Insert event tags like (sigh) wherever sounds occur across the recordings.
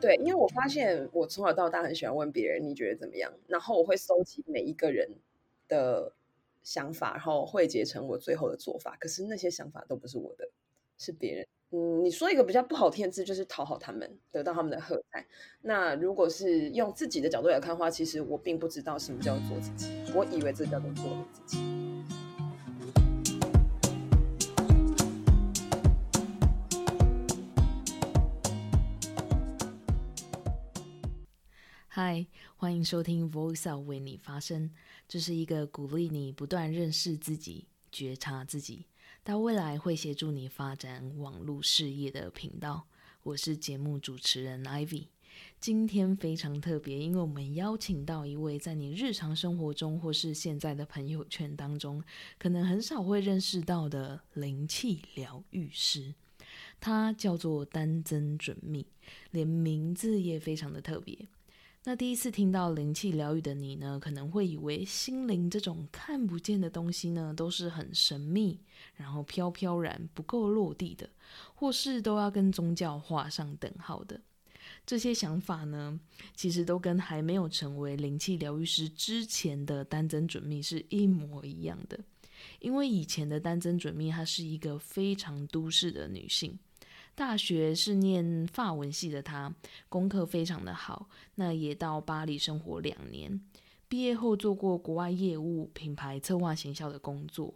對，因為我發現我從小到大很喜歡問別人你覺得怎麼樣，然後我會收集每一個人的想法，然後匯結成我最後的做法。可是那些想法都不是我的，是別人。嗯，你說一個比較不好聽的字，就是討好他們，得到他們的喝彩。那如果是用自己的角度來看的話，其實我並不知道什麼叫做自己，我以為這叫做做自己。嗨，Hi, 歡迎收聽 Voiceout 為你發聲，這是一個鼓勵你不斷認識自己、覺察自己，到未來會協助你發展網絡事業的頻道。我是節目主持人 Ivy，今天非常特別，因為我們邀請到一位在你日常生活中或是現在的朋友圈當中，可能很少會認識到的靈氣療癒師，他叫做丹增準秘，連名字也非常的特別。那第一次聽到靈氣療癒的你呢，可能會以為心靈這種看不見的東西呢，都是很神秘，然後飄飄然不夠落地的，或是都要跟宗教畫上等號的。這些想法呢，其實都跟還沒有成為靈氣療癒師之前的丹增準秘是一模一樣的。因為以前的丹增準秘，她是一個非常都市的女性。大學是念法文系的他，他功課非常的好，那也到巴黎生活兩年。畢業後做過國外業務、品牌策劃、行銷的工作。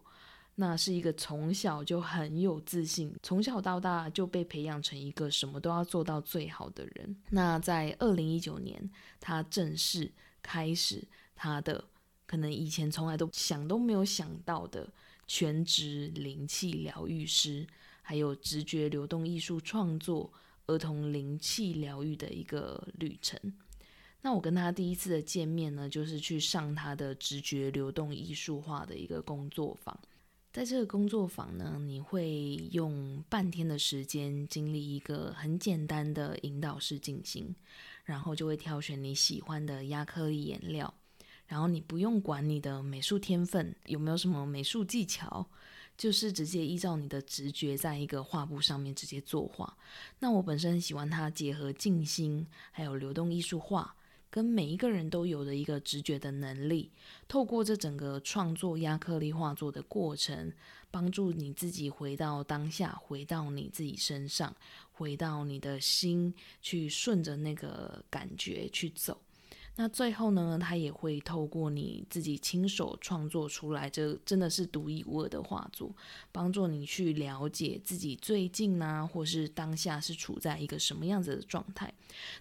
那是一個從小就很有自信，從小到大就被培養成一個什麼都要做到最好的人。那在二零一九年，他正式開始他的可能以前從來都想都沒有想到的全職靈氣療癒師。還有直覺流動藝術創作、兒童靈氣療癒的一個旅程。那我跟他第一次的見面呢，就是去上他的直覺流動藝術化的一個工作坊。在這個工作坊呢，你會用半天的時間經歷一個很簡單的引導式進行，然後就會挑選你喜歡的壓克力顏料，然後你不用管你的美術天分有沒有什麼美術技巧。就是直接依照你的直覺，在一個畫布上面直接作畫。那我本身喜歡它結合靜心，還有流動藝術畫，跟每一個人都有的一個直覺的能力。透過這整個創作壓克力畫作的過程，幫助你自己回到當下，回到你自己身上，回到你的心，去順着那個感覺去走。那最後呢，他也會透過你自己親手創作出來，這真的是獨一無二的畫作，幫助你去了解自己最近呢、啊，或是當下是處在一個什麼樣子的狀態。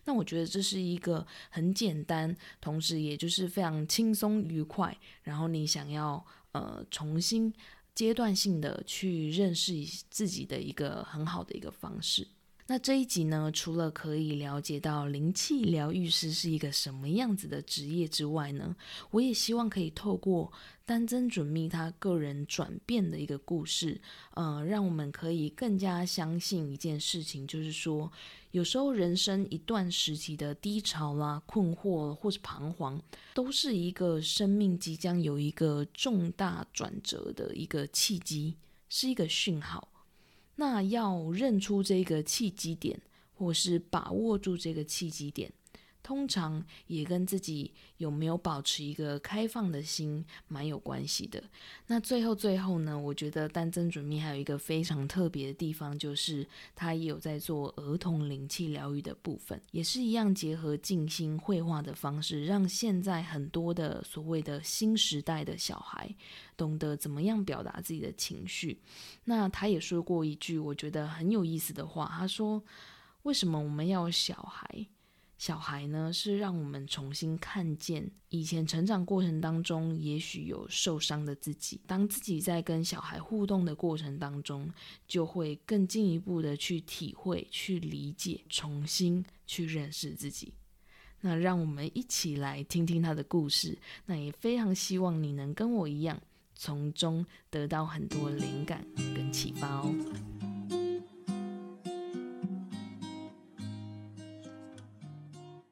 那我覺得這是一個很簡單，同時也就是非常輕鬆愉快，然後你想要呃重新階段性的去認識自己的一個很好的一個方式。那這一集呢，除了可以了解到靈氣療癒師是一個什麼樣子的職業之外呢，我也希望可以透過丹增准秘他個人轉變的一個故事，呃，讓我們可以更加相信一件事情，就是說，有時候人生一段時期的低潮啦、困惑或者彷徨，都是一個生命即將有一個重大轉折的一個契機，是一個訊號。那要認出這個契機點，或是把握住這個契機點，通常也跟自己有沒有保持一個開放的心蠻有關係的。那最後最後呢，我覺得丹增準秘還有一個非常特別的地方，就是他也有在做兒童靈氣療癒的部分，也是一樣結合靜心繪畫的方式，讓現在很多的所謂的新時代的小孩懂得怎麼樣表達自己的情緒。那他也說過一句我覺得很有意思的話，他說：“為什麼我們要小孩？”小孩呢，是讓我們重新看見以前成長過程當中，也許有受傷的自己。當自己在跟小孩互動的過程當中，就會更進一步的去體會、去理解、重新去認識自己。那讓我們一起來聽聽他的故事。那也非常希望你能跟我一樣，從中得到很多靈感跟啟發哦。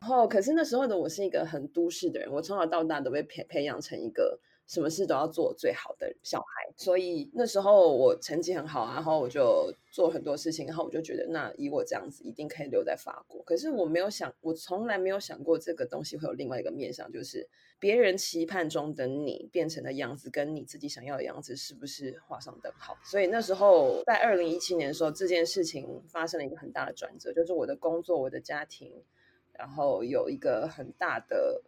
然後，可是那時候的我是一個很都市的人，我從小到大都被培培養成一個什麼事都要做最好的小孩，所以那時候我成績很好，然後我就做很多事情，然後我就覺得，那以我這樣子一定可以留在法國。可是我沒有想，我從來沒有想過這個東西會有另外一個面向，就是別人期盼中的你變成的樣子，跟你自己想要的樣子是不是畫上等號？所以那時候在二零一七年的時候，這件事情發生了一個很大的轉折，就是我的工作，我的家庭。然後有一個很大的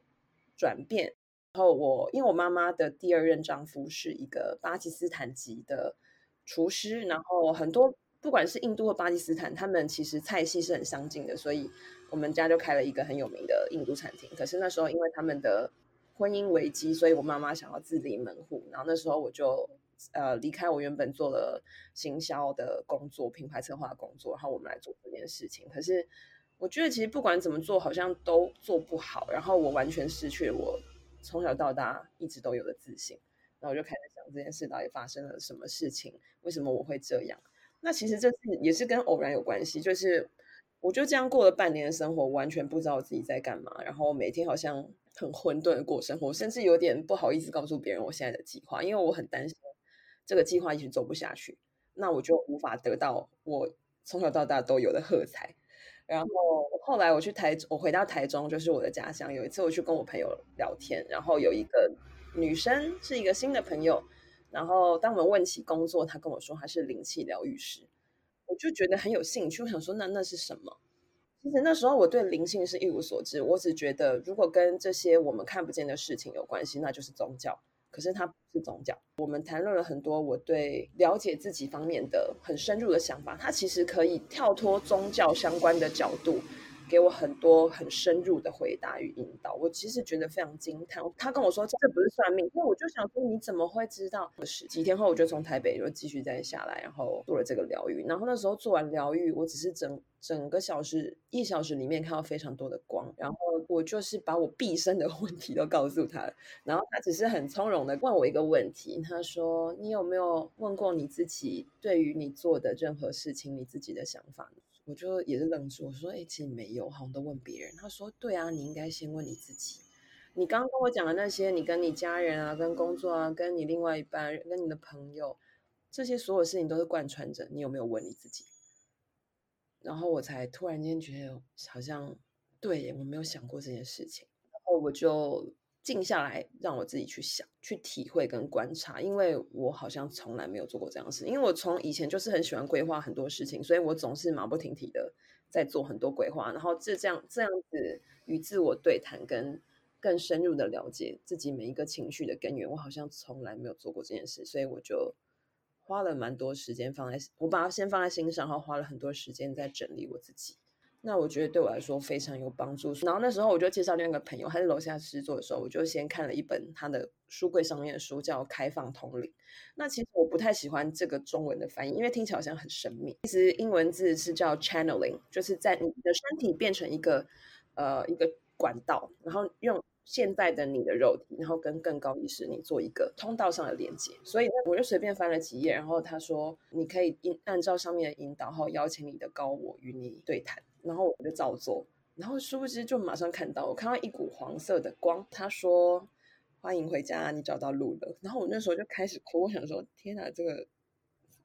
轉變，然後我因為我媽媽的第二任丈夫是一個巴基斯坦籍的廚師，然後很多不管是印度和巴基斯坦，他們其實菜系是很相近的，所以我們家就開了一個很有名的印度餐廳。可是那時候因為他們的婚姻危機，所以我媽媽想要自立門戶，然後那時候我就呃離開我原本做了行銷的工作，品牌策劃的工作，然後我們來做這件事情。可是我覺得其實不管怎麼做，好像都做不好。然後我完全失去了我從小到大一直都有的自信。然後我就開始想這件事到底發生了什麼事情，為什麼我會這樣？那其實這次也是跟偶然有關係。就是我就這樣過了半年的生活，完全不知道我自己在幹嘛。然後每天好像很混沌的過生活，甚至有點不好意思告訴別人我現在的計劃，因為我很擔心這個計劃一直做不下去，那我就無法得到我從小到大都有的喝彩。然後後來我去台，我回到台中，就是我的家鄉。有一次我去跟我朋友聊天，然後有一個女生是一個新的朋友，然後當我們問起工作，她跟我說她是靈氣療癒師，我就覺得很有興趣。我想說那，那那是什麼？其實那時候我對靈性是一無所知，我只覺得如果跟這些我們看不見的事情有關係，那就是宗教。可是它不是宗教，我們談論了很多我對了解自己方面的很深入的想法，它其實可以跳脫宗教相關的角度。給我很多很深入的回答與引導，我其實覺得非常驚嘆。他跟我說，這不是算命，所以我就想說，你怎麼會知道？是幾天後，我就從台北又繼續再下來，然後做了這個療癒。然後那時候做完療癒，我只是整整個小時一小時裡面看到非常多的光，然後我就是把我畢生的問題都告訴他了，然後他只是很從容地問我一個問題，他說：“你有沒有問過你自己，對於你做的任何事情，你自己的想法呢？”我就也是愣住，我說：“哎、欸，其實沒有，好像都問別人。”他說：“對啊，你應該先問你自己。你剛剛跟我講的那些，你跟你家人啊，跟工作啊，跟你另外一半，跟你的朋友，這些所有事情都是貫穿着。你有沒有問你自己？”然後我才突然間覺得，好像對，我沒有想過這件事情。然後我就。靜下來，讓我自己去想、去體會跟觀察，因為我好像從來沒有做過這樣的事。因為我從以前就是很喜歡規劃很多事情，所以我總是馬不停蹄的在做很多規劃，然後這這樣這樣子與自我對談，跟更深入的了解自己每一個情緒的根源，我好像從來沒有做過這件事，所以我就花了蠻多時間放在，我把它先放在心上，然後花了很多時間在整理我自己。那我覺得對我來說非常有幫助。然後那時候我就介紹另外一個朋友，他在樓下施作的時候，我就先看了一本他的書櫃上面的書，叫《開放通靈》。那其實我不太喜歡這個中文的翻譯，因為聽起來好像很神秘。其實英文字是叫 “channeling”，就是在你的身體變成一個呃一個管道，然後用現在的你的肉體，然後跟更高意識你做一個通道上的連接。所以我就隨便翻了幾頁，然後他說：“你可以引按照上面的引導，然後邀請你的高我與你對談。”然後我就照做，然後殊不知就馬上看到，我看到一股黃色的光。他說：“歡迎回家，你找到路了。”然後我那時候就開始哭，我想說：“天哪，這個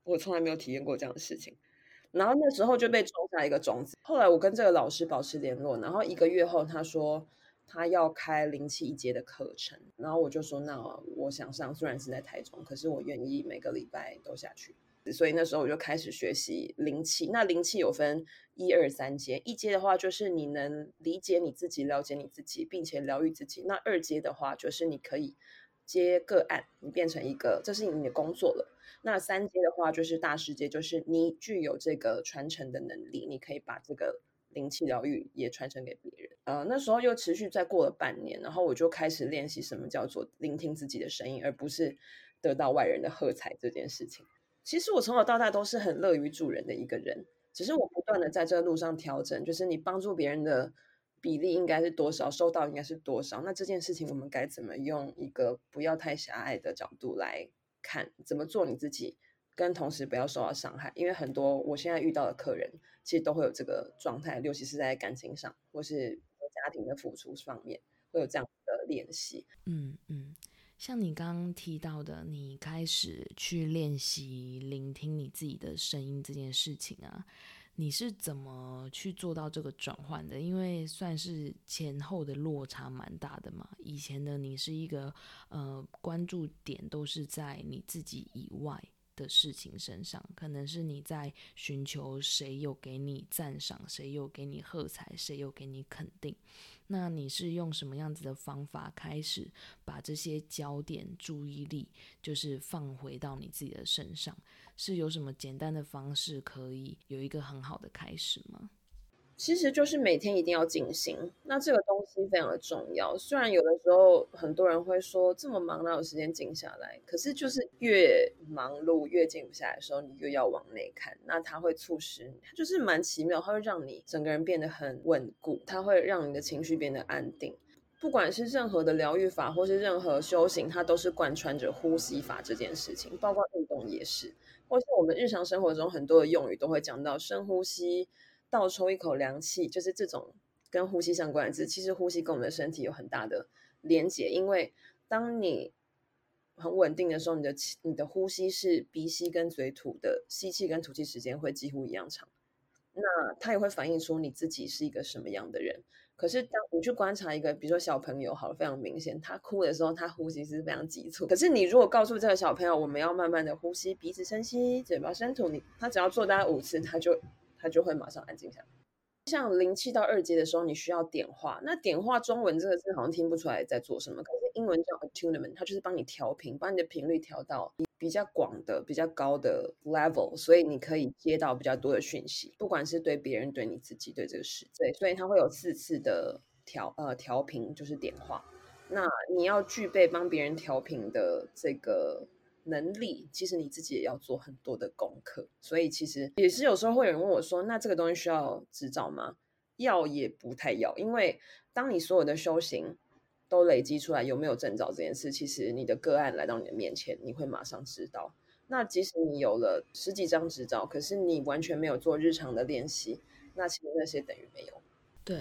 我從來沒有體驗過這樣的事情。”然後那時候就被種下一個種子。後來我跟這個老師保持聯絡，然後一個月後，他說他要開靈氣一階的課程，然後我就說：“那我，我想上，雖然是在台中，可是我願意每個禮拜都下去。”所以那時候我就開始學習靈氣。那靈氣有分一、二、三階。一階的話，就是你能理解你自己、了解你自己，並且療癒自己。那二階的話，就是你可以接個案，你變成一個，這是你的工作了。那三階的話，就是大師階，就是你具有這個傳承的能力，你可以把這個靈氣療癒也傳承給別人。呃，那時候又持續再過了半年，然後我就開始練習什麼叫做聆聽自己的聲音，而不是得到外人的喝彩這件事情。其實我從小到大都是很樂於助人的一個人，只是我不斷的在這路上調整，就是你幫助別人的比例應該是多少，收到應該是多少。那這件事情我們該怎麼用一個不要太狹隘的角度來看？怎麼做你自己跟同時不要受到傷害？因為很多我現在遇到的客人其實都會有這個狀態，尤其是在感情上或是家庭的付出方面會有這樣的聯繫、嗯。嗯嗯。像你剛剛提到的，你開始去練習聆聽你自己的聲音這件事情啊，你是怎麼去做到這個轉換的？因為算是前後的落差蠻大的嘛。以前的你是一個呃，關注點都是在你自己以外的事情身上，可能是你在尋求誰有給你讚賞，誰有給你喝彩，誰有給你肯定。那你是用什麼樣子的方法開始把這些焦點注意力，就是放回到你自己的身上？是有什麼簡單的方式可以有一個很好的開始嗎？其實就是每天一定要靜心，那這個東西非常的重要。雖然有的時候很多人會說這麼忙哪有時間靜下來，可是就是越忙碌越靜不下來的時候，你越要往內看。那它會促使你，就是蠻奇妙，它會讓你整個人變得很穩固，它會讓你的情緒變得安定。不管是任何的療癒法，或是任何修行，它都是貫穿着呼吸法這件事情。包括運動也是，或是我們日常生活中很多的用語都會講到深呼吸。倒抽一口涼氣，就是這種跟呼吸相關的字。其實呼吸跟我們的身體有很大的連接，因為當你很穩定的時候，你的你的呼吸是鼻吸跟嘴吐的，吸氣跟吐氣時間會幾乎一樣長。那它也會反映出你自己是一個什麼樣的人。可是當你去觀察一個，比如說小朋友，好了，非常明顯，他哭的時候，他呼吸是非常急促。可是你如果告訴這個小朋友，我們要慢慢的呼吸，鼻子深吸，嘴巴深吐，你他只要做大概五次，他就。他就會馬上安靜下來。像靈氣到二階的時候，你需要點化。那點化中文這個字好像聽不出來在做什麼，可是英文叫 attunement，它就是幫你調頻，把你的頻率調到比較廣的、比較高的 level，所以你可以接到比較多的訊息，不管是對別人、對你自己、對這個世界。所以它會有四次的調呃調頻，就是點化。那你要具備幫別人調頻的這個。能力，其實你自己也要做很多的功課，所以其實也是有時候會有人問我說：“那這個東西需要執照嗎？”要也不太要，因為當你所有的修行都累積出來，有沒有證照這件事，其實你的個案來到你的面前，你會馬上知道。那即使你有了十幾張執照，可是你完全沒有做日常的練習，那其實那些等於沒有。對，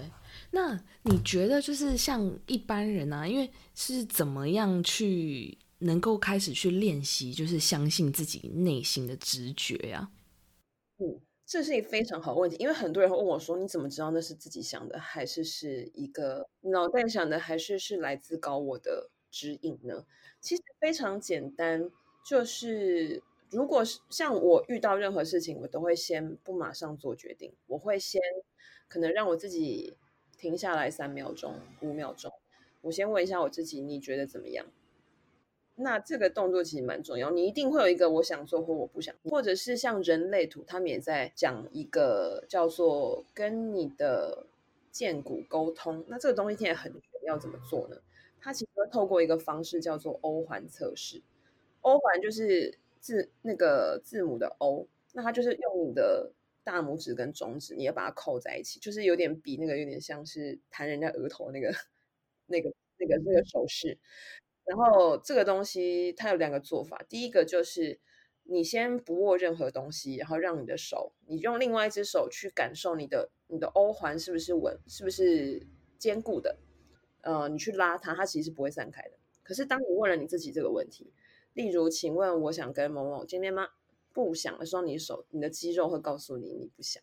那你覺得就是像一般人呢、啊，因為是怎麼樣去？能夠開始去練習，就是相信自己內心的直覺呀、啊。嗯，這是一個非常好的問題，因為很多人會問我說：“你怎麼知道那是自己想的，還是是一個腦袋想的，還是是來自高我的指引呢？”其實非常簡單，就是如果是像我遇到任何事情，我都會先不馬上做決定，我會先可能讓我自己停下來三秒鐘、五秒鐘，我先問一下我自己：“你覺得怎麼樣？”那這個動作其實蠻重要，你一定會有一個我想做或我不想做，或者是像人類圖，他們也在講一個叫做跟你的薦骨溝通。那這個東西現在很要怎麼做呢？它其實會透過一個方式叫做歐環測試。歐環就是字那個字母的歐，那它就是用你的大拇指跟中指，你要把它扣在一起，就是有點比那個有點像是彈人家額頭那個那個那個那個手勢。然後這個東西它有兩個做法，第一個就是你先不握任何東西，然後讓你的手，你用另外一隻手去感受你的你的 O 環是不是穩，是不是堅固的，呃，你去拉它，它其實是不會散開的。可是當你問了你自己這個問題，例如，請問我想跟某某見面嗎？不想的時候，你手你的肌肉會告訴你你不想。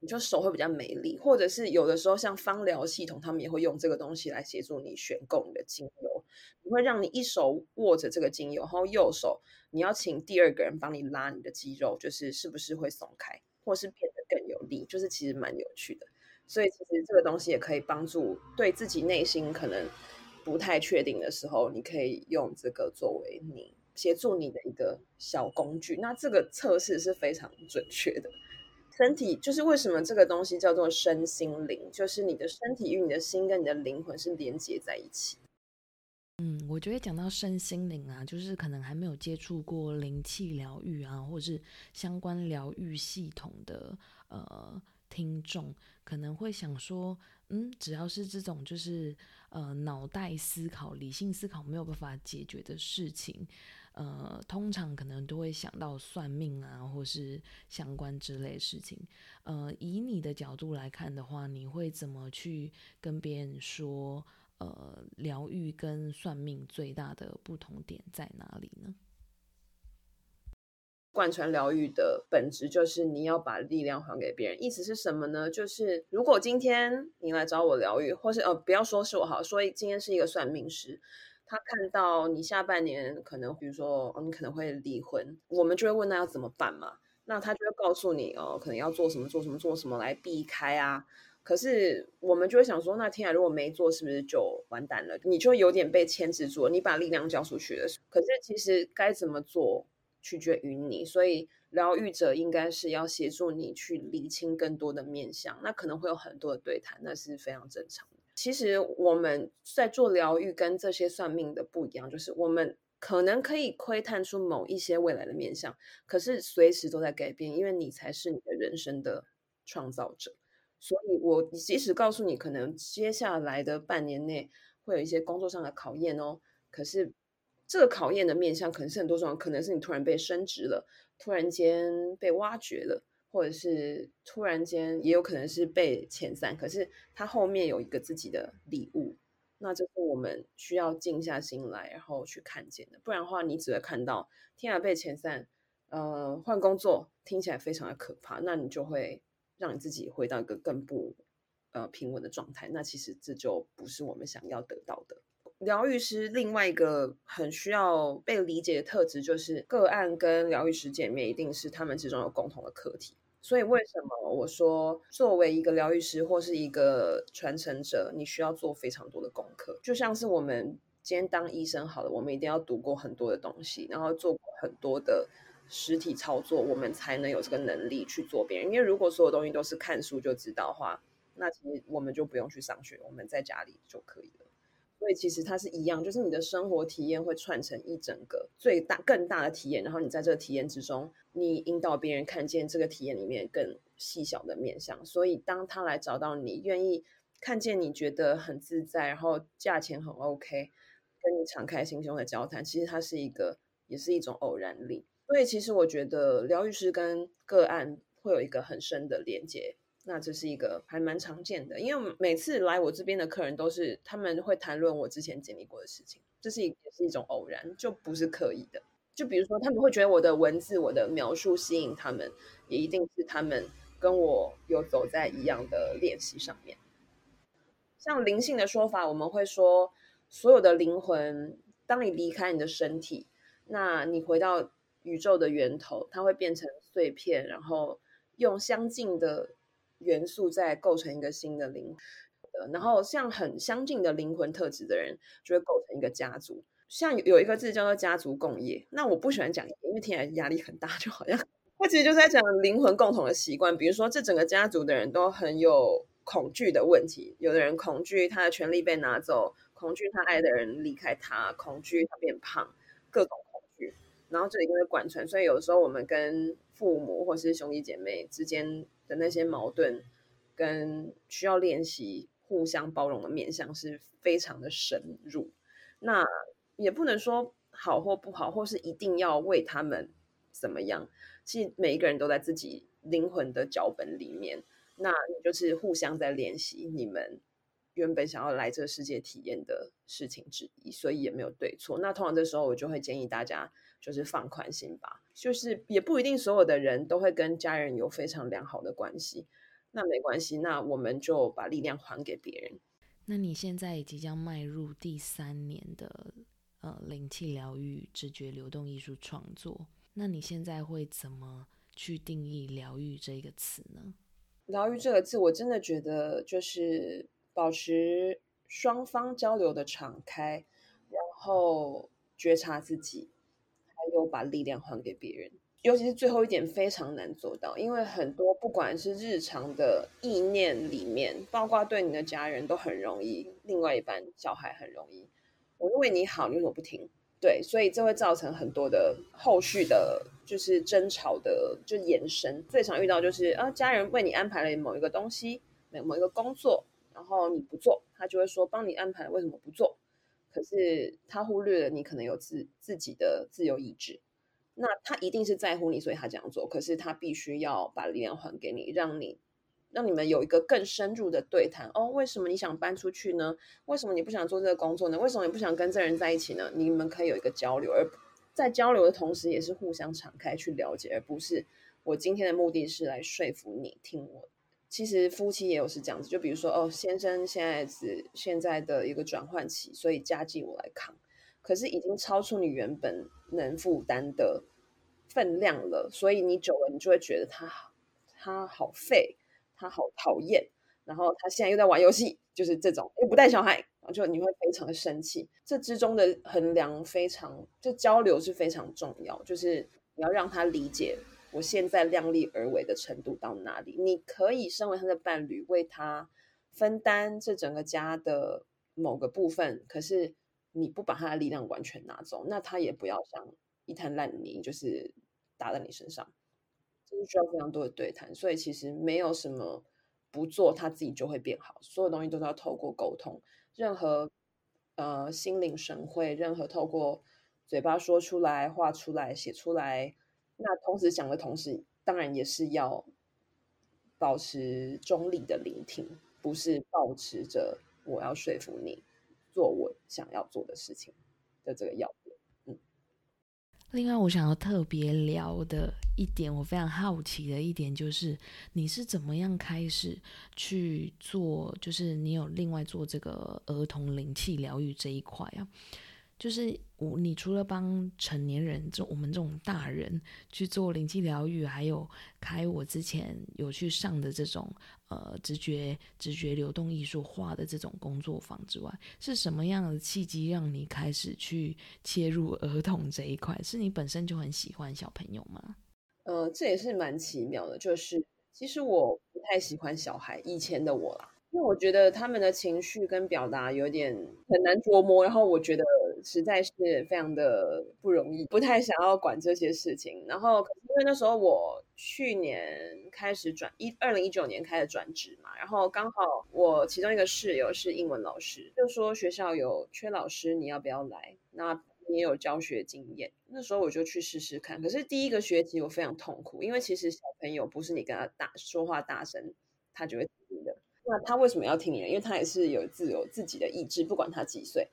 你就手會比較沒力，或者是有的時候像芳療系統，他們也會用這個東西來協助你選購你的精油。你會讓你一手握着這個精油，然後右手你要請第二個人幫你拉你的肌肉，就是是不是會鬆開，或是變得更有力，就是其實蠻有趣的。所以其實這個東西也可以幫助對自己內心可能不太確定的時候，你可以用這個作為你協助你的一個小工具。那這個測試是非常準確的。身體就是為什麼這個東西叫做身心靈，就是你的身體與你的心跟你的靈魂是連接在一起。嗯，我覺得講到身心靈啊，就是可能還沒有接觸過靈氣療癒啊，或者是相關療癒系統的呃聽眾，可能會想說，嗯，只要是這種就是呃腦袋思考、理性思考沒有辦法解決的事情。呃，通常可能都會想到算命啊，或是相關之類事情。呃，以你的角度來看的話，你會怎麼去跟別人說？呃，療癒跟算命最大的不同點在哪裡呢？貫穿療癒的本質就是你要把力量還給別人，意思是什麼呢？就是如果今天你來找我療癒，或是呃，不要說是我好，所以今天是一個算命師。他看到你下半年可能比如說，嗯、哦，你可能會離婚，我們就會問他要怎麼辦嘛？那他就會告訴你，哦，可能要做什麼，做什麼，做什麼來避開啊。可是我們就會想說，那天啊，如果沒做，是不是就完蛋了？你就有點被牽制住，你把力量交出去了。可是其實該怎麼做，取決於你。所以療癒者應該是要協助你去理清更多的面向，那可能會有很多的對談，那是非常正常的。其實我們在做療癒，跟這些算命的不一樣，就是我們可能可以窺探出某一些未來的面相，可是隨時都在改變，因為你才是你的人生的創造者。所以，我即使告訴你，可能接下來的半年內會有一些工作上的考驗哦，可是這個考驗的面相可能是很多種，可能是你突然被升職了，突然間被挖掘了。或者是突然間，也有可能是被遣散。可是他後面有一個自己的禮物，那就是我們需要靜下心來，然後去看見的。不然的話，你只會看到，天啊，被遣散，呃，換工作，聽起來非常的可怕。那你就會讓你自己回到一個更不呃平穩的狀態。那其實這就不是我們想要得到的。療癒師另外一個很需要被理解的特質，就是個案跟療癒師見面一定是他們之中有共同的課題，所以為什麼我說作為一個療癒師或是一個傳承者，你需要做非常多的功課？就像是我們今天當醫生好了，我們一定要讀過很多的東西，然後做過很多的實體操作，我們才能有這個能力去做別人。因為如果所有東西都是看書就知道的話，那其實我們就不用去上學，我們在家裡就可以了。所以其實它是一樣，就是你的生活體驗會串成一整個最大更大的體驗，然後你在這個體驗之中，你引導別人看見這個體驗裡面更細小的面向。所以當他來找到你，願意看見你覺得很自在，然後價錢很 OK，跟你敞開心胸的交談，其實它是一個，也是一種偶然力。所以其實我覺得療癒師跟個案會有一個很深的連接。那這是一個還蠻常見的，因為每次來我這邊的客人都是他們會談論我之前經歷過的事情，這是也是一種偶然，就不是刻意的。就比如說，他們會覺得我的文字、我的描述吸引他們，也一定是他們跟我有走在一樣的練習上面。像靈性的說法，我們會說，所有的靈魂，當你離開你的身體，那你回到宇宙的源頭，它會變成碎片，然後用相近的。元素在構成一個新的靈、呃，然後像很相近的靈魂特質的人，就會構成一個家族。像有一個字叫做“家族共業”，那我不喜歡講，因為聽起來壓力很大，就好像他其實就是在講靈魂共同的習慣。比如說，這整個家族的人都很有恐懼的問題，有的人恐懼他的權力被拿走，恐懼他愛的人離開他，恐懼他變胖，各種恐懼。然後這裡就會貫穿，所以有的時候我們跟父母或是兄弟姐妹之間的那些矛盾跟需要練習互相包容的面向是非常的深入，那也不能說好或不好，或是一定要為他們怎麼樣。其實每一個人都在自己靈魂的腳本裡面，那就是互相在練習你們原本想要來這個世界體驗的事情之一，所以也沒有對錯。那通常這時候我就會建議大家就是放寬心吧。就是也不一定所有的人都會跟家人有非常良好的關係，那沒關係，那我們就把力量還給別人。那你現在也即將邁入第三年的呃靈氣療癒、直覺流動藝術創作，那你現在會怎麼去定義“療癒”這個詞呢？“療癒”這個字我真的覺得就是保持雙方交流的敞開，然後覺察自己。都把力量還給別人，尤其是最後一點非常難做到，因為很多不管是日常的意念裡面，包括對你的家人都很容易，另外一半小孩很容易，我就為你好，你為什麼不聽？對，所以這會造成很多的後續的，就是爭吵的就，就延伸最常遇到就是啊，家人為你安排了某一個東西，某某一個工作，然後你不做，他就會說幫你安排，為什麼不做？可是他忽略了你可能有自自己的自由意志，那他一定是在乎你，所以他這樣做。可是他必須要把力量還給你，讓你讓你們有一個更深入的對談。哦，為什麼你想搬出去呢？為什麼你不想做這個工作呢？為什麼你不想跟這人在一起呢？你們可以有一個交流，而在交流的同時，也是互相敞開去了解，而不是我今天的目的是來說服你聽我的。其實夫妻也有是這樣子，就比如說哦，先生現在是現在的一個轉換期，所以家計我來扛。可是已經超出你原本能負擔的分量了，所以你久了你就會覺得他他好廢，他好討厭。然後他現在又在玩遊戲，就是這種又不帶小孩，就你會非常的生氣。這之中的衡量非常，這交流是非常重要，就是你要讓他理解。我現在量力而為的程度到哪裡？你可以身為他的伴侶，為他分擔這整個家的某個部分。可是你不把他的力量完全拿走，那他也不要像一灘爛泥，就是打在你身上。就是需要非常多的對談，所以其實沒有什麼不做，他自己就會變好。所有東西都是要透過溝通，任何呃心領神會，任何透過嘴巴說出來、畫出來、寫出來。那同時講的同時，當然也是要保持中立的聆聽，不是保持着我要說服你做我想要做的事情的這個要求。嗯。另外，我想要特別聊的一點，我非常好奇的一點就是，你是怎麼樣開始去做？就是你有另外做這個兒童靈氣療癒這一塊啊？就是我，你除了幫成年人，就我們這種大人去做靈氣療癒，還有開我之前有去上的這種呃直覺直覺流動藝術畫的這種工作坊之外，是什麼樣的契機讓你開始去切入兒童這一塊？是你本身就很喜歡小朋友嗎？呃，這也是蠻奇妙的，就是其實我不太喜歡小孩，以前的我啦，因為我覺得他們的情緒跟表達有點很難琢磨，然後我覺得。實在是非常的不容易，不太想要管這些事情。然後，可因為那時候我去年開始轉一，二零一九年開始轉職嘛，然後剛好我其中一個室友是英文老師，就說學校有缺老師，你要不要來？那你也有教學經驗，那時候我就去試試看。可是第一個學期我非常痛苦，因為其實小朋友不是你跟他大說話大聲，他就會聽你的。那他為什麼要聽你呢？因為他也是有自有自己的意志，不管他幾歲。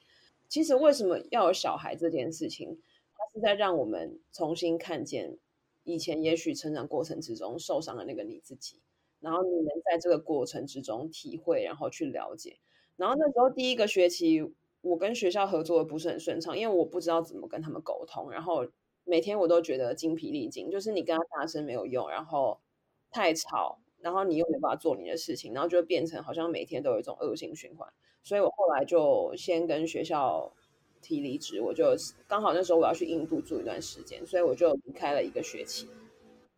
其實為什麼要有小孩這件事情？它是在讓我們重新看見以前也許成長過程之中受傷的那個你自己，然後你能在這個過程之中體會，然後去了解。然後那時候第一個學期，我跟學校合作的不是很順暢，因為我不知道怎麼跟他們溝通，然後每天我都覺得精疲力盡，就是你跟他大聲沒有用，然後太吵。然後你又沒辦法做你的事情，然後就變成好像每天都有一種惡性循環。所以我後來就先跟學校提離職，我就剛好那時候我要去印度住一段時間，所以我就離開了一個學期。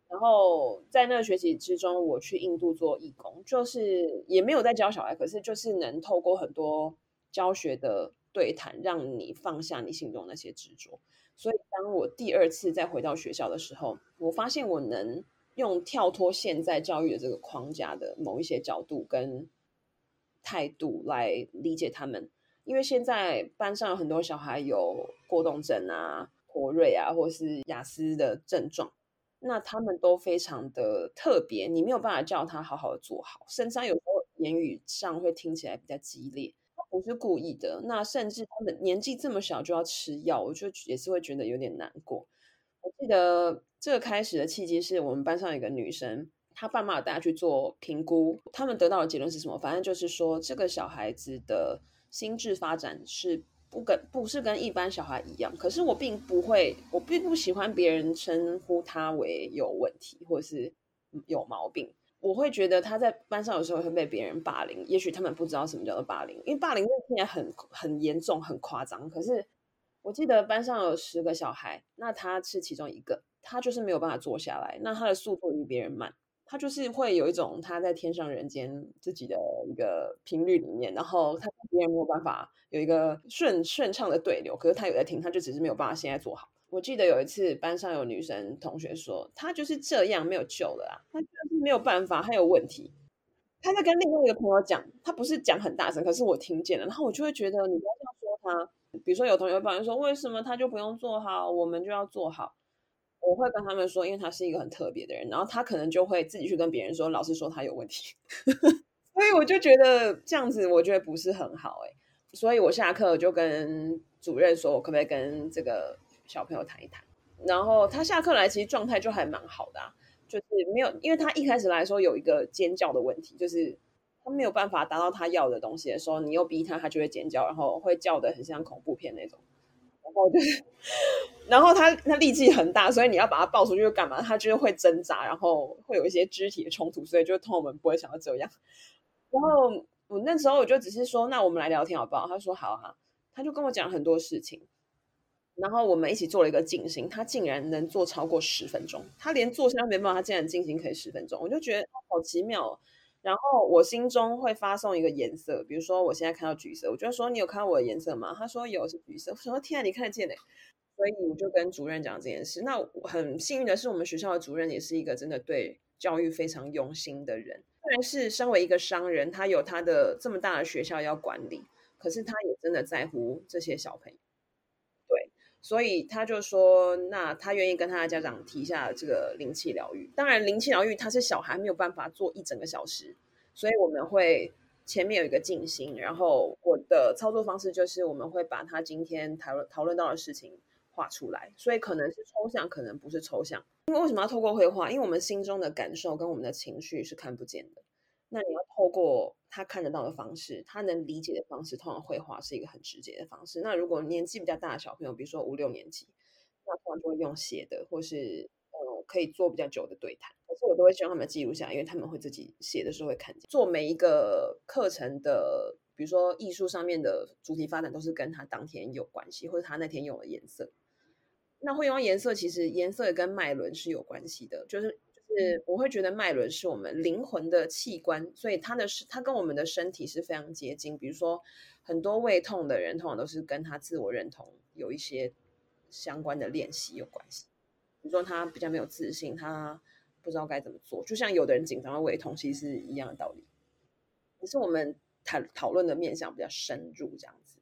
然後在那個學期之中，我去印度做義工，就是也沒有在教小孩，可是就是能透過很多教學的對談，讓你放下你心中的那些執着。所以當我第二次再回到學校的時候，我發現我能。用跳脫現在教育的這個框架的某一些角度跟態度來理解他們，因為現在班上有很多小孩有過動症啊、妥瑞啊，或是亞斯的症狀，那他們都非常的特別，你沒有辦法叫他好好的做好，甚至有時候言語上會聽起來比較激烈，他不是故意的。那甚至他們年紀這麼小就要吃藥，我就也是會覺得有點難過。我記得最開始的契機是我們班上有一個女生，她爸媽有帶她去做評估，他們得到的結論是什麼？反正就是說這個小孩子的心智發展是不跟不是跟一般小孩一樣。可是我並不會，我並不喜歡別人稱呼他為有問題或者是有毛病。我會覺得他在班上有時候會被別人霸凌，也許他們不知道什麼叫做霸凌，因為霸凌這件事情很很嚴重、很誇張，可是。我記得班上有十個小孩，那他是其中一個，他就是沒有辦法坐下來。那他的速度比別人慢，他就是會有一種他在天上人間自己的一個頻率裡面，然後他跟別人沒有辦法有一個順順暢的對流。可是他有在聽，他就只是沒有辦法現在做好。我記得有一次班上有女生同學說，他就是這樣沒有救了啊，他就是沒有辦法，他有問題。他在跟另外一個朋友講，他不是講很大聲，可是我聽見了，然後我就會覺得你不要這樣說他。比如說有同學會抱怨說，為什麼他就不用做好，我們就要做好？我會跟他們說，因為他是一個很特別的人，然後他可能就會自己去跟別人說，老師說他有問題。 (laughs) 所以我就覺得這樣子，我覺得不是很好哎、欸，所以我下課就跟主任說，我可不可以跟這個小朋友談一談？然後他下課來，其實狀態就還蠻好的、啊，就是沒有，因為他一開始來說有一個尖叫的問題，就是。他沒有辦法達到他要的東西的時候，你又逼他，他就會尖叫，然後會叫得很像恐怖片那種，然後就是，然後他，他力氣很大，所以你要把他抱出去幹嘛？他就是會掙扎，然後會有一些肢體的衝突，所以就痛。我們不會想要這樣。然後我那時候我就只是說，那我們來聊天好不好？他說好啊，他就跟我講很多事情。然後我們一起做了一個靜心，他竟然能做超過十分鐘，他連坐下來都沒辦法，他竟然靜心可以十分鐘，我就覺得好奇妙。然後我心中會發送一個顏色，比如說我現在看到橘色，我就說，你有看到我的顏色嗎？他說有，是橘色，我說天啊，你看得見呢、欸。所以我就跟主任講這件事。那很幸運的是，我們學校的主任也是一個真的對教育非常用心的人。雖然是身為一個商人，他有他的這麼大的學校要管理，可是他也真的在乎這些小朋友。所以他就說，那他願意跟他的家長提一下這個靈氣療癒。當然，靈氣療癒他是小孩，沒有辦法做一整個小時，所以我們會前面有一個靜心，然後我的操作方式就是我們會把他今天討論討論到的事情畫出來，所以可能是抽象，可能不是抽象。因為為什麼要透過繪畫？因為我們心中的感受跟我們的情緒是看不見的。那你要透過他看得到的方式，他能理解的方式，通常繪畫是一個很直接的方式。那如果年紀比較大的小朋友，比如說五六年級，那通常就會用寫的，或是呃、嗯、可以做比較久的對談。可是我都會希望他們記錄下，因為他們會自己寫的時候會看見。做每一個課程的，比如說藝術上面的主題發展，都是跟他當天有關係，或者他那天用的顏色。那會用顏色，其實顏色也跟脈輪是有關係的，就是。是，我會覺得脈輪是我們靈魂的器官，所以他的他跟我們的身體是非常接近。比如說，很多胃痛的人，通常都是跟他自我認同有一些相關的練習有關係。比如說他比較沒有自信，他不知道該怎麼做，就像有的人緊張胃痛，其實是一樣的道理。只是我們談討論的面向比較深入這樣子，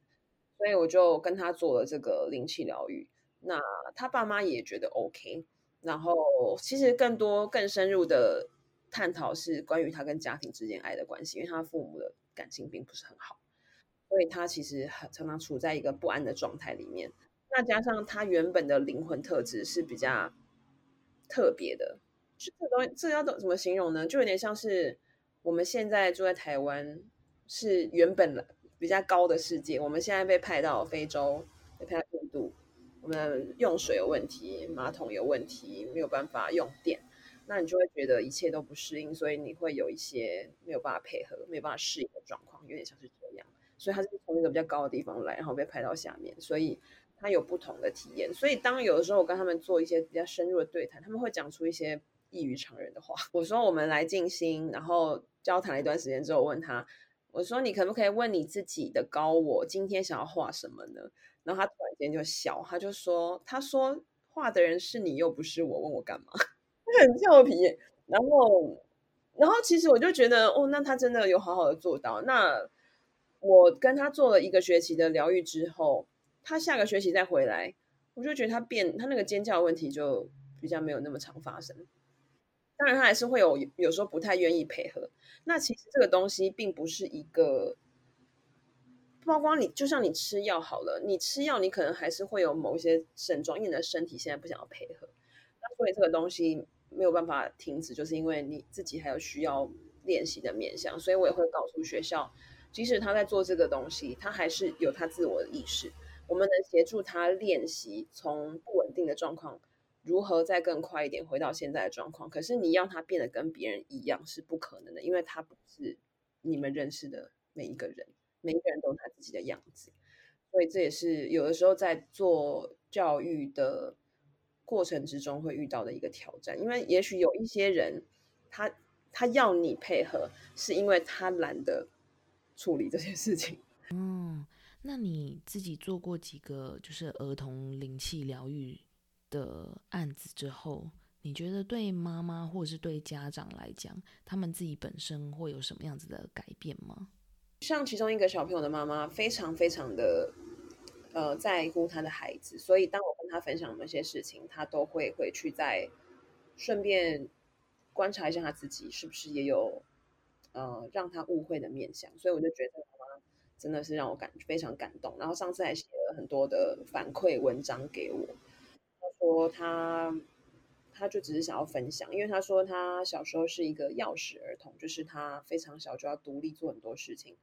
所以我就跟他做了這個靈氣療癒。那他爸媽也覺得 OK。然後，其實更多、更深入的探討是關於他跟家庭之間愛的關係，因為他父母的感情並不是很好，所以他其實很常常處在一個不安的狀態裡面。那加上他原本的靈魂特質是比較特別的，這東這要怎麼形容呢？就有點像是我們現在住在台灣是原本比較高的世界，我們現在被派到非洲。我們用水有問題，馬桶有問題，沒有辦法用電，那你就會覺得一切都不適應，所以你會有一些沒有辦法配合、沒有辦法適應的狀況，有點像是這樣。所以他是從一個比較高的地方來，然後被拍到下面，所以他有不同的體驗。所以當有的時候我跟他們做一些比較深入的對談，他們會講出一些異於常人的話。我說我們來靜心，然後交談了一段時間之後，問他，我說你可不可以問你自己的高我今天想要畫什麼呢？然後他突然間就笑，他就說：“他說話的人是你，又不是我，問我幹嘛？”他 (laughs) 很俏皮。然後，然後其實我就覺得，哦，那他真的有好好的做到。那我跟他做了一個學期的療癒之後，他下個學期再回來，我就覺得他變，他那個尖叫問題就比較沒有那麼常發生。當然，他還是會有有時候不太願意配合。那其實這個東西並不是一個。包括你就像你吃藥好了，你吃藥你可能還是會有某些症狀，因為你的身體現在不想要配合。那所以這個東西沒有辦法停止，就是因為你自己還有需要練習的面向。所以我也會告訴學校，即使他在做這個東西，他還是有他自我的意識。我們能協助他練習，從不穩定的狀況如何再更快一點回到現在的狀況。可是你讓他變得跟別人一樣是不可能的，因為他不是你們認識的每一個人。每個人都有他自己的樣子，所以這也是有的時候在做教育的過程之中會遇到的一個挑戰。因為也許有一些人，他他要你配合，是因為他懶得處理這些事情。嗯，那你自己做過幾個就是兒童靈氣療癒的案子之後，你覺得對媽媽或者是對家長來講，他們自己本身會有什麼樣子的改變嗎？像其中一個小朋友的媽媽，非常非常的，呃，在乎他的孩子，所以當我跟他分享那些事情，他都會會去再順便觀察一下他自己是不是也有，呃，讓他誤會的面向，所以我就覺得她媽真的是讓我感非常感動，然後上次還寫了很多的反饋文章給我，他說他。他就只是想要分享，因為他說他小時候是一個鑰匙兒童，就是他非常小就要獨立做很多事情，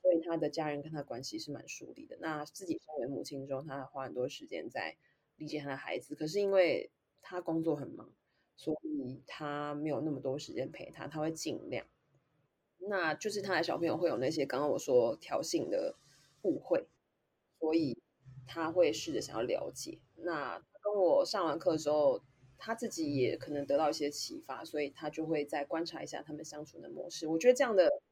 所以他的家人跟他關係是蠻疏離的。那自己身為母親之後，他還花很多時間在理解他的孩子，可是因為他工作很忙，所以他沒有那麼多時間陪他，他會盡量。那就是他的小朋友會有那些剛剛我說挑釁的誤會，所以他會試着想要了解。那他跟我上完課之後。他自己也可能得到一些啟發，所以他就會再觀察一下他們相處的模式。我覺得這樣的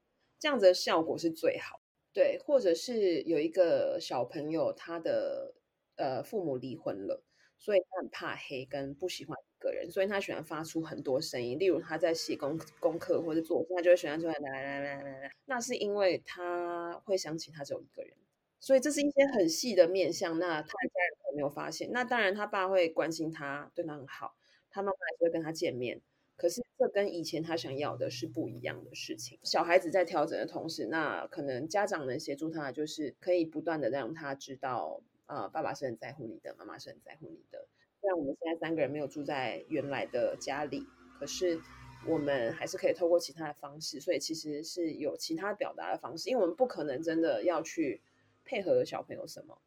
這樣子的效果是最好，對，或者是有一個小朋友，他的呃父母離婚了，所以他很怕黑，跟不喜歡一個人，所以他喜歡發出很多聲音，例如他在寫功功課或者做，他就會喜歡出來來來來來來，那是因為他會想起他只有一個人，所以這是一些很細的面向，那他的家人可能沒有發現。那當然他爸會關心他，對他很好。他媽媽還是會跟他見面，可是這跟以前他想要的是不一樣的事情。小孩子在調整的同時，那可能家長能協助他，就是可以不斷的讓他知道，呃，爸爸是很在乎你的，媽媽是很在乎你的。雖然我們現在三個人沒有住在原來的家裡，可是我們還是可以透過其他的方式，所以其實是有其他表達的方式，因為我們不可能真的要去配合小朋友什麼。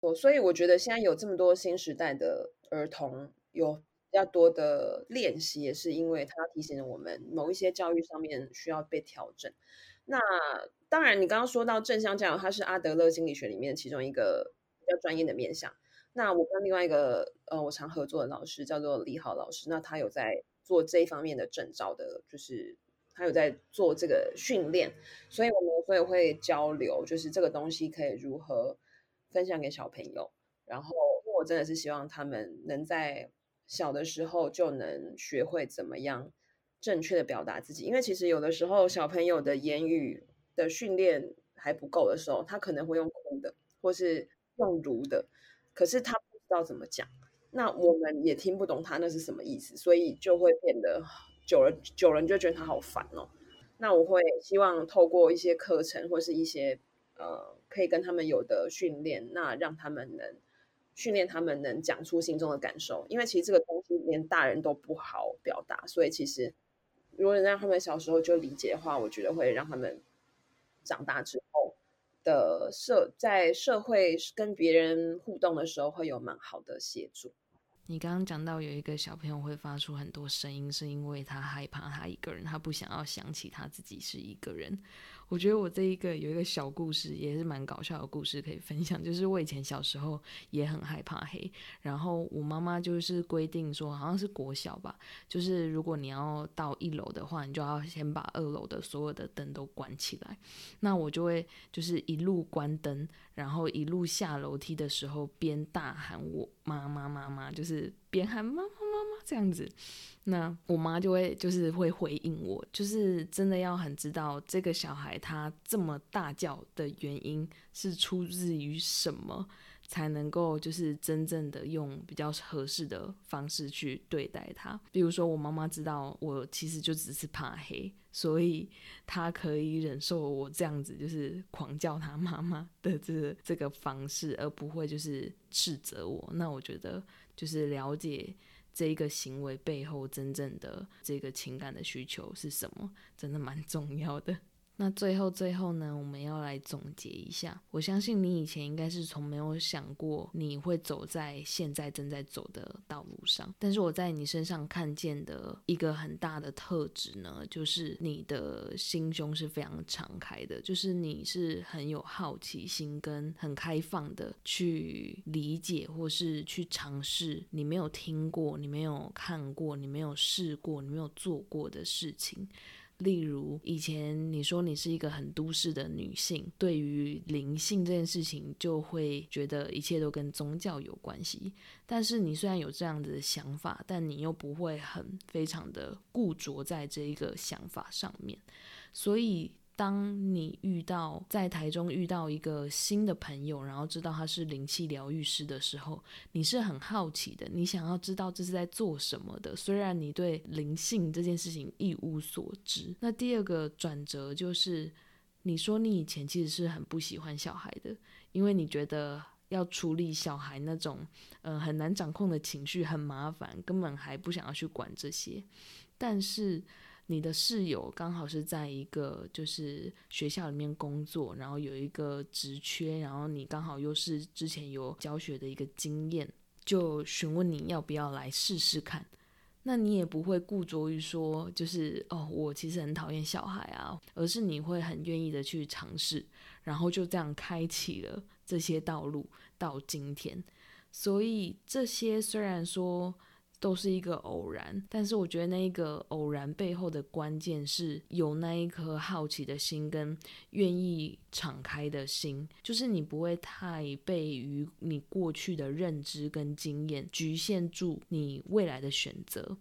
我、哦、所以我覺得現在有這麼多新時代的兒童有。比較多的練習也是因為它提醒了我們某一些教育上面需要被調整。那當然，你剛剛說到正向教育，它是阿德勒心理學裡面其中一個比較專業的面向。那我跟另外一個呃，我常合作的老師叫做李浩老師，那他有在做這一方面的證照的，就是他有在做這個訓練，所以我們所以會交流，就是這個東西可以如何分享給小朋友。然後，因為我真的是希望他們能在。小的時候就能學會怎麼樣正確的表達自己，因為其實有的時候小朋友的言語的訓練還不夠的時候，他可能會用空的，或是用如的，可是他不知道怎麼講，那我們也聽不懂他那是什麼意思，所以就會變得久了久了，你就覺得他好煩哦。那我會希望透過一些課程或是一些呃可以跟他們有的訓練，那讓他們能。訓練他們能講出心中的感受，因為其實這個東西連大人都不好表達，所以其實如果讓他們小時候就理解的話，我覺得會讓他們長大之後的社，在社會跟別人互動的時候會有蠻好的協助。你剛剛講到有一個小朋友會發出很多聲音，是因為他害怕他一個人，他不想要想起他自己是一個人。我覺得我這一個有一個小故事，也是蠻搞笑的故事可以分享，就是我以前小時候也很害怕黑，然後我媽媽就是規定說，好像是國小吧，就是如果你要到一樓的話，你就要先把二樓的所有的燈都關起來，那我就會就是一路關燈，然後一路下樓梯的時候邊大喊“我媽媽媽媽媽”，就是。邊喊媽媽媽媽這樣子，那我媽就會就是會回應我，就是真的要很知道這個小孩他這麼大叫的原因是出自於什麼，才能夠就是真正的用比較合適的方式去對待他。比如說，我媽媽知道我其實就只是怕黑，所以她可以忍受我這樣子就是狂叫他媽媽的這個、這個方式，而不會就是斥責我。那我覺得。就是了解這一個行為背後真正的這個情感的需求是什麼，真的蠻重要的。那最後最後呢，我們要來總結一下。我相信你以前應該是從沒有想過你會走在現在正在走的道路上。但是我在你身上看見的一個很大的特質呢，就是你的心胸是非常敞開的，就是你是很有好奇心跟很開放的去理解或是去嘗試你沒有聽過、你沒有看過、你沒有試過、你沒有做過的事情。例如，以前你說你是一個很都市的女性，對於靈性這件事情，就會覺得一切都跟宗教有關係。但是你雖然有這樣子的想法，但你又不會很非常的固着在這一個想法上面，所以。當你遇到在台中遇到一個新的朋友，然後知道他是靈氣療癒師的時候，你是很好奇的，你想要知道這是在做什麼的。雖然你對靈性這件事情一無所知。那第二個轉折就是，你說你以前其實是很不喜歡小孩的，因為你覺得要處理小孩那種嗯、呃、很難掌控的情緒很麻煩，根本還不想要去管這些。但是。你的室友剛好是在一個就是學校裡面工作，然後有一個職缺，然後你剛好又是之前有教學的一個經驗，就詢問你要不要來試試看。那你也不會固著於說，就是哦，我其實很討厭小孩啊，而是你會很願意的去嘗試，然後就這樣開啟了這些道路到今天。所以這些雖然說，都是一個偶然，但是我覺得那一個偶然背後的關鍵是有那一顆好奇的心跟願意敞開的心，就是你不會太囿於你過去的認知跟經驗局限住你未來的選擇。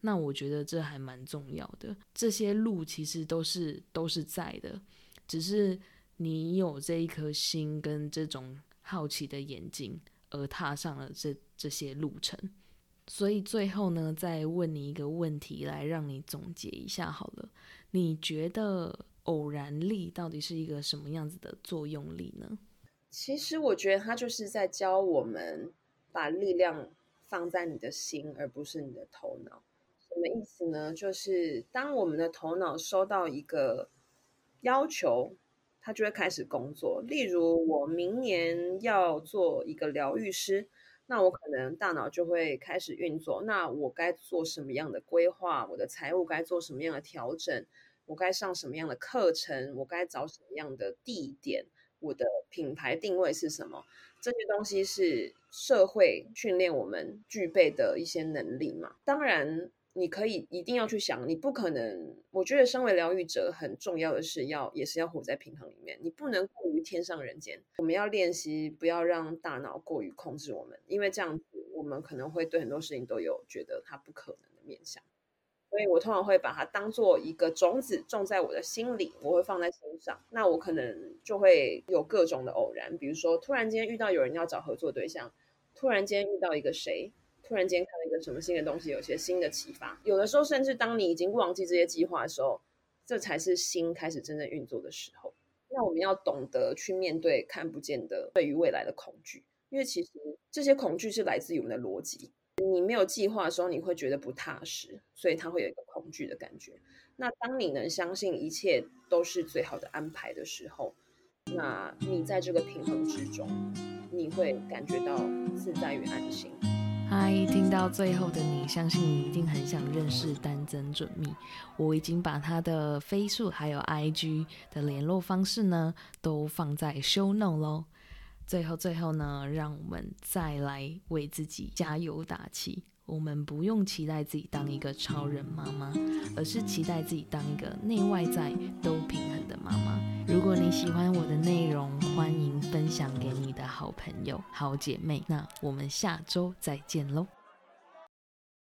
那我覺得這還蠻重要的，這些路其實都是都是在的，只是你有這一顆心跟這種好奇的眼睛，而踏上了這這些路程。所以最後呢，再問你一個問題，來讓你總結一下好了。你覺得偶然力到底是一個什麼樣子的作用力呢？其實我覺得它就是在教我們把力量放在你的心，而不是你的頭腦。什麼意思呢？就是當我們的頭腦收到一個要求，它就會開始工作。例如，我明年要做一個療癒師。那我可能大腦就會開始運作，那我該做什麼樣的規劃？我的財務該做什麼樣的調整？我該上什麼樣的課程？我該找什麼樣的地點？我的品牌定位是什麼？這些東西是社會訓練我們具備的一些能力嗎？當然。你可以一定要去想，你不可能。我覺得，身為療癒者，很重要的是要也是要活在平衡裡面。你不能過於天上人間。我們要練習，不要讓大腦過於控制我們，因為這樣子，我們可能會對很多事情都有覺得它不可能的面向。所以，我通常會把它當做一個種子種在我的心裡，我會放在身上。那我可能就會有各種的偶然，比如說，突然間遇到有人要找合作對象，突然間遇到一個誰。突然間看到一個什麼新的東西，有些新的啟發。有的時候，甚至當你已經忘記這些計劃的時候，這才是心開始真正運作的時候。那我們要懂得去面對看不見的對於未來的恐懼，因為其實這些恐懼是來自於我們的邏輯。你沒有計劃的時候，你會覺得不踏實，所以它會有一個恐懼的感覺。那當你能相信一切都是最好的安排的時候，那你在這個平衡之中，你會感覺到自在與安心。嗨，聽到最後的你，相信你一定很想認識丹增準秘。我已經把他的 FB 還有 IG 的聯絡方式呢，都放在 Show Note 嘍。最後最後呢，讓我們再來為自己加油打氣。我們不用期待自己當一個超人媽媽，而是期待自己當一個內外在都平衡的媽媽。如果你喜歡我的內容，歡迎分享給你的好朋友、好姐妹。那我們下週再見嘍！